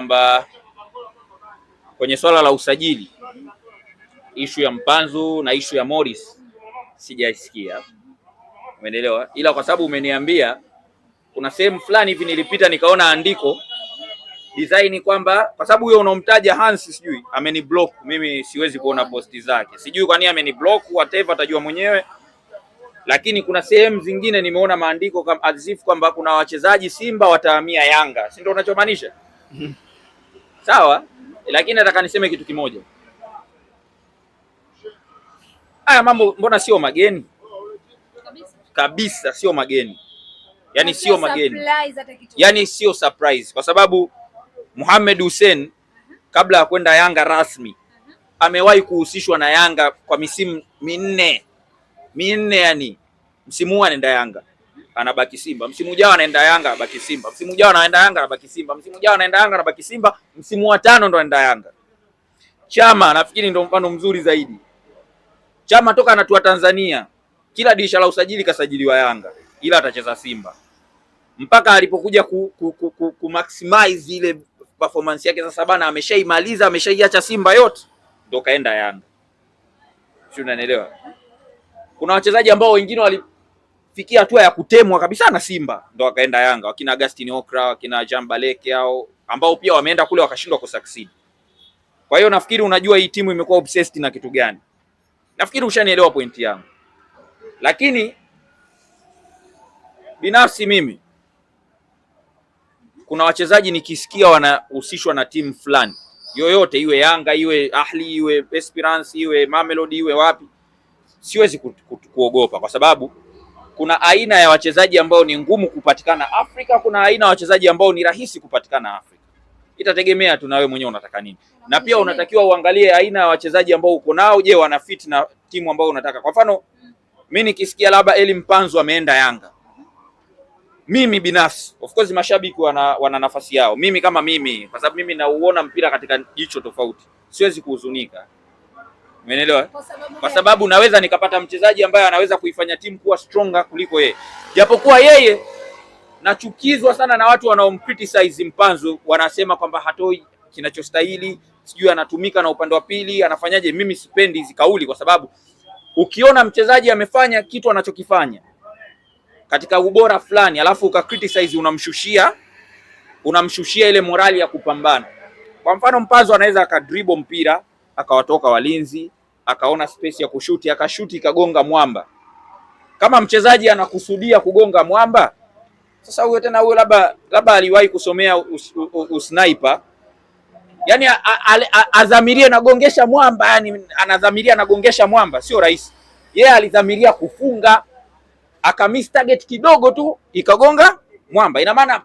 kwamba kwenye swala la usajili ishu ya Mpanzu na ishu ya Morris sijaisikia, umeelewa? Ila kwa sababu umeniambia kuna sehemu fulani hivi nilipita nikaona andiko design kwamba kwa sababu huyo unomtaja Hans sijui ameni block mimi, siwezi kuona posti zake, sijui kwa nini ameni block, whatever atajua mwenyewe. Lakini kuna sehemu zingine nimeona maandiko kama azifu kwamba kuna wachezaji Simba watahamia Yanga, si ndio unachomaanisha? Mm-hmm sawa, lakini nataka niseme kitu kimoja. Haya mambo mbona sio mageni kabisa, kabisa sio mageni yani, sio mageni yani, sio surprise kwa sababu Mohamed Hussein kabla ya kwenda Yanga rasmi amewahi kuhusishwa na Yanga kwa misimu minne minne, yani msimu huu anaenda Yanga anabaki Simba, msimu ujao anaenda Yanga anabaki Simba, msimu ujao anaenda Yanga anabaki Simba, msimu ujao anaenda Yanga anabaki Simba, msimu wa tano ndo anaenda Yanga. Chama nafikiri ndio mfano mzuri zaidi. Chama toka anatua Tanzania, kila dirisha la usajili kasajiliwa Yanga, ila atacheza Simba mpaka alipokuja ku, ku, ku, ku, ku maximize ile performance yake. Sasa bana, ameshaimaliza ameshaiacha Simba yote, ndo kaenda Yanga. si unanielewa? Kuna wachezaji ambao wengine wali kufikia hatua ya kutemwa kabisa na Simba, ndo wakaenda Yanga, wakina Agustin Okra, wakina Jambaleke hao ambao pia wameenda kule wakashindwa kusucceed. Kwa hiyo nafikiri unajua hii timu imekuwa obsessed na kitu gani. Nafikiri ushanielewa pointi yangu, lakini binafsi mimi kuna wachezaji nikisikia wanahusishwa na timu fulani yoyote, iwe Yanga iwe Ahli iwe Esperance iwe Mamelodi iwe wapi, siwezi kuogopa kwa sababu kuna aina ya wachezaji ambao ni ngumu kupatikana Afrika, kuna aina ya wachezaji ambao ni rahisi kupatikana Afrika. Itategemea tu na wewe mwenyewe unataka nini, na pia unatakiwa uangalie aina ya wachezaji ambao uko nao. Je, wana fit na timu ambayo unataka? Kwa mfano mimi nikisikia labda Eli Mpanzu ameenda Yanga, mimi binafsi, of course mashabiki wana, wana nafasi yao. Mimi kama mimi, kwa sababu mimi nauona mpira katika jicho tofauti, siwezi kuhuzunika. Umeelewa? Kwa sababu naweza nikapata mchezaji ambaye anaweza kuifanya timu kuwa stronger kuliko yeye, japokuwa yeye nachukizwa sana na watu wanaomcriticize Mpanzo, wanasema kwamba hatoi kinachostahili, sijui anatumika na upande wa pili, anafanyaje. Mimi sipendi hizi kauli, kwa sababu ukiona mchezaji amefanya kitu anachokifanya katika ubora fulani, alafu uka criticize, unamshushia unamshushia ile morali ya kupambana. Kwa mfano Mpanzo anaweza akadribble mpira akawatoka walinzi, akaona space ya kushuti, akashuti ikagonga mwamba. Kama mchezaji anakusudia kugonga mwamba, sasa huyo tena huyo labda labda aliwahi kusomea usniper yani a, adhamirie nagongesha mwamba yani, anadhamiria nagongesha mwamba, sio rahisi. Yeye yeah, alidhamiria kufunga akamiss target kidogo tu ikagonga mwamba. Ina maana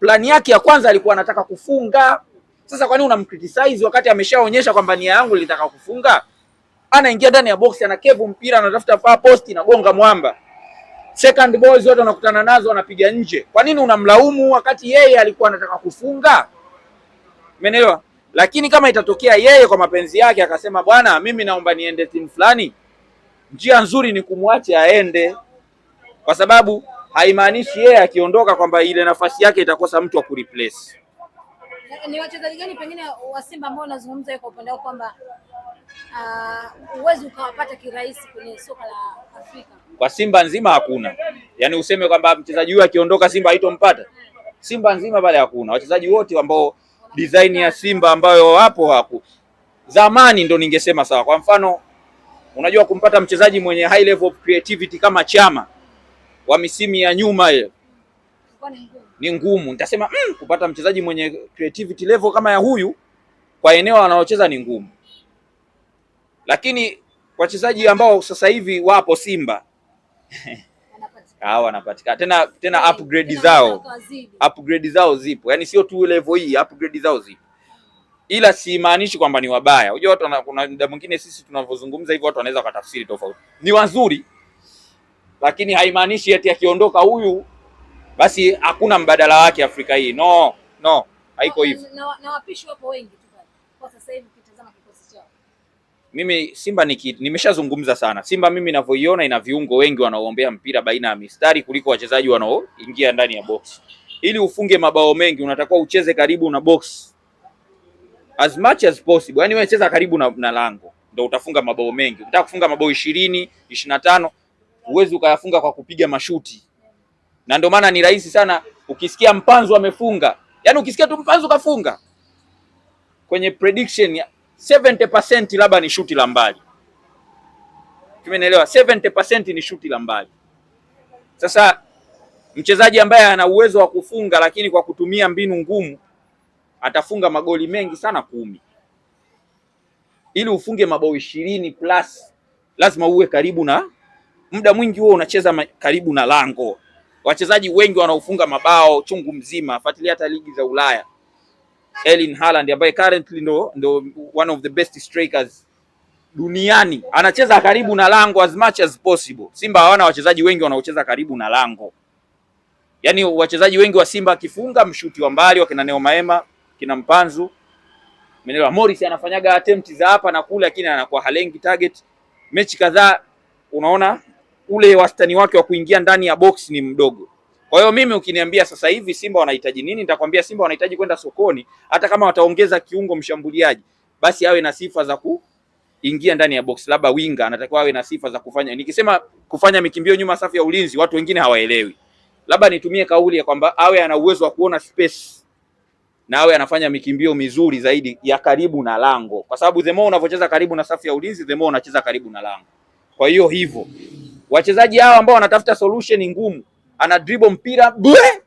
plani yake ya kwanza alikuwa anataka kufunga sasa nini unamcriticize wakati ameshaonyesha kwamba nia yangu nilitaka kufunga? Anaingia ndani ya box, anakevu mpira, anatafuta far post, inagonga mwamba. Second boys wote wanakutana nazo, wanapiga nje. Kwa nini unamlaumu wakati yeye alikuwa anataka kufunga? Umeelewa? Lakini kama itatokea yeye kwa mapenzi yake akasema, bwana, mimi naomba niende timu fulani, njia nzuri ni kumwacha aende, kwa sababu haimaanishi yeye akiondoka kwamba ile nafasi yake itakosa mtu wa kureplace. Eh, ni wachezaji gani pengine wa Simba ambao unazungumza kwa upande wao kwamba ah, huwezi uh, ukawapata kirahisi kwenye soka la Afrika? Kwa Simba nzima hakuna, yaani useme kwamba mchezaji huyu akiondoka Simba haitompata. Simba nzima pale hakuna wachezaji wote ambao design ya Simba ambayo wapo hapo zamani, ndo ningesema sawa. Kwa mfano, unajua kumpata mchezaji mwenye high level of creativity kama Chama wa misimu ya nyuma ile ni ngumu. Nitasema mm, kupata mchezaji mwenye creativity level kama ya huyu kwa eneo analocheza ni ngumu, lakini wachezaji ambao sasa hivi wapo Simba wanapatikana tena tena, upgrade zao upgrade zao zipo, yaani sio tu level hii, upgrade zao zipo, ila simaanishi kwamba ni wabaya. Unajua watu, kuna muda mwingine sisi tunavyozungumza hivyo watu wanaweza wakatafsiri tofauti. Ni wazuri, lakini haimaanishi eti akiondoka huyu basi hakuna mbadala wake Afrika hii. No, no, haiko hivyo. Na wapishi wapo wengi kwa sasa hivi, kikosi chao. Mimi Simba niki, nimeshazungumza sana Simba mimi ninavyoiona ina viungo wengi wanaoombea mpira baina ya mistari kuliko wachezaji wanaoingia ndani ya box. Ili ufunge mabao mengi unatakiwa ucheze karibu na box as much as possible, yaani wewe cheza karibu na, na lango ndio utafunga mabao mengi. Ukitaka kufunga mabao ishirini ishirini na tano huwezi ukayafunga kwa kupiga mashuti na ndio maana ni rahisi sana ukisikia Mpanzu amefunga, yaani ukisikia tu Mpanzu kafunga kwenye prediction ya 70% labda ni shuti la mbali, tumenielewa? 70% ni shuti la mbali. Sasa mchezaji ambaye ana uwezo wa kufunga lakini kwa kutumia mbinu ngumu atafunga magoli mengi sana kumi. Ili ufunge mabao ishirini plus lazima uwe karibu na muda mwingi, huo unacheza karibu na lango wachezaji wengi wanaofunga mabao chungu mzima, fuatilia hata ligi za Ulaya. Erling Haaland ambaye currently ndo, ndo one of the best strikers duniani anacheza karibu na lango as much as possible. Simba hawana wachezaji wengi wanaocheza karibu na lango, yaani wachezaji wengi wa Simba akifunga mshuti wa mbali wakina Neo Maema, kina Mpanzu, umeelewa. Morris anafanyaga attempt za hapa na kule, lakini anakuwa halengi target. Mechi kadhaa unaona ule wastani wake wa kuingia ndani ya box ni mdogo. Kwa hiyo mimi ukiniambia sasa hivi Simba wanahitaji nini, nitakwambia Simba wanahitaji kwenda sokoni, hata kama wataongeza kiungo mshambuliaji, basi awe na sifa za kuingia ndani ya box, labda winga anatakiwa awe na sifa za kufanya. Nikisema kufanya mikimbio nyuma safu ya ulinzi, watu wengine hawaelewi, labda nitumie kauli ya kwamba awe ana uwezo wa kuona space na awe anafanya mikimbio mizuri zaidi ya karibu na lango, kwa sababu the more unavyocheza karibu na safu ya ulinzi, the more unacheza karibu na lango. Kwa hiyo hivyo wachezaji hao ambao wanatafuta solution ngumu, ana dribble mpira bwe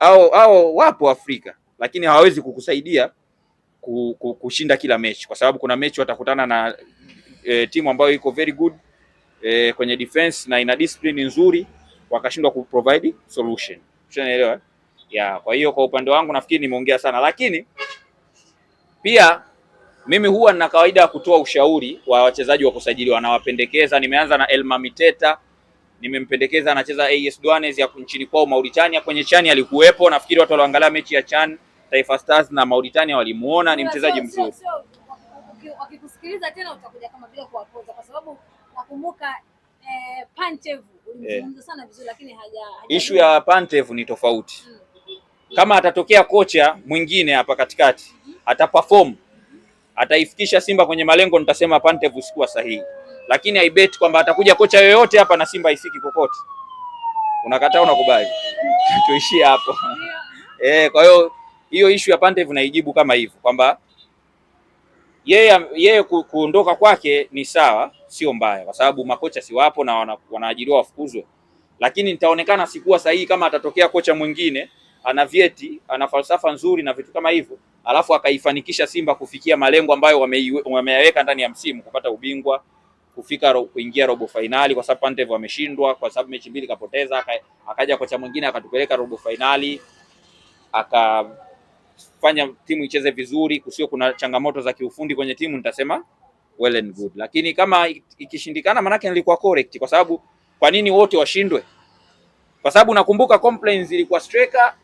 au au wapo Afrika, lakini hawawezi kukusaidia kushinda kila mechi, kwa sababu kuna mechi watakutana na e, timu ambayo iko very good e, kwenye defense na ina discipline nzuri, wakashindwa provide solution. Unaelewa? ya. kwa hiyo kwa upande wangu nafikiri nimeongea sana, lakini pia mimi huwa na kawaida ya kutoa ushauri wa wachezaji wa kusajiliwa, nawapendekeza. Nimeanza na Elma Miteta, nimempendekeza anacheza AS Douanes ya nchini kwao Mauritania. Kwenye chani alikuwepo, nafikiri watu walioangalia mechi ya CHAN Taifa Stars na Mauritania walimuona ni mchezaji mzuri. Wakikusikiliza tena utakuja kama vile kuwapoza, kwa sababu nakumbuka eh, Pantevu ulimzungumza eh. sana vizuri, lakini haja, haja issue ya Pantev ni tofauti. Mm. Kama atatokea kocha mwingine hapa katikati mm-hmm. ataperform ataifikisha Simba kwenye malengo, nitasema Pantev sikuwa sahihi, lakini I bet kwamba atakuja kocha yoyote hapa na Simba haifiki kokote. Unakataa, unakubali? tuishie hapo eh. Kwa hiyo hiyo ishu ya Pantev naijibu kama hivyo kwamba yeye yeye kuondoka kwake ni sawa, sio mbaya, kwa sababu makocha si wapo na wanaajiriwa wafukuzwe, lakini nitaonekana sikuwa sahihi kama atatokea kocha mwingine ana vyeti ana falsafa nzuri na vitu kama hivyo alafu akaifanikisha Simba kufikia malengo ambayo wameyaweka wame ndani ya msimu, kupata ubingwa, kufika ro, kuingia robo fainali, kwa sababu Pantev wameshindwa kwa sababu mechi mbili kapoteza. Akaja kocha mwingine akatupeleka robo fainali, akafanya timu icheze vizuri, kusio kuna changamoto za kiufundi kwenye timu, nitasema well and good, lakini kama ikishindikana, maanake nilikuwa correct, kwa sababu kwa nini wote washindwe? Kwa sababu nakumbuka complaints ilikuwa striker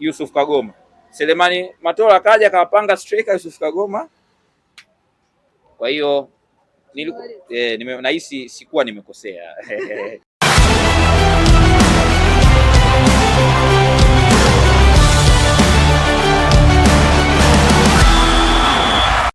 Yusuf Kagoma Selemani Matola kaja akawapanga striker Yusuf Kagoma. Kwa hiyo nilikuwa eh, nahisi sikuwa nimekosea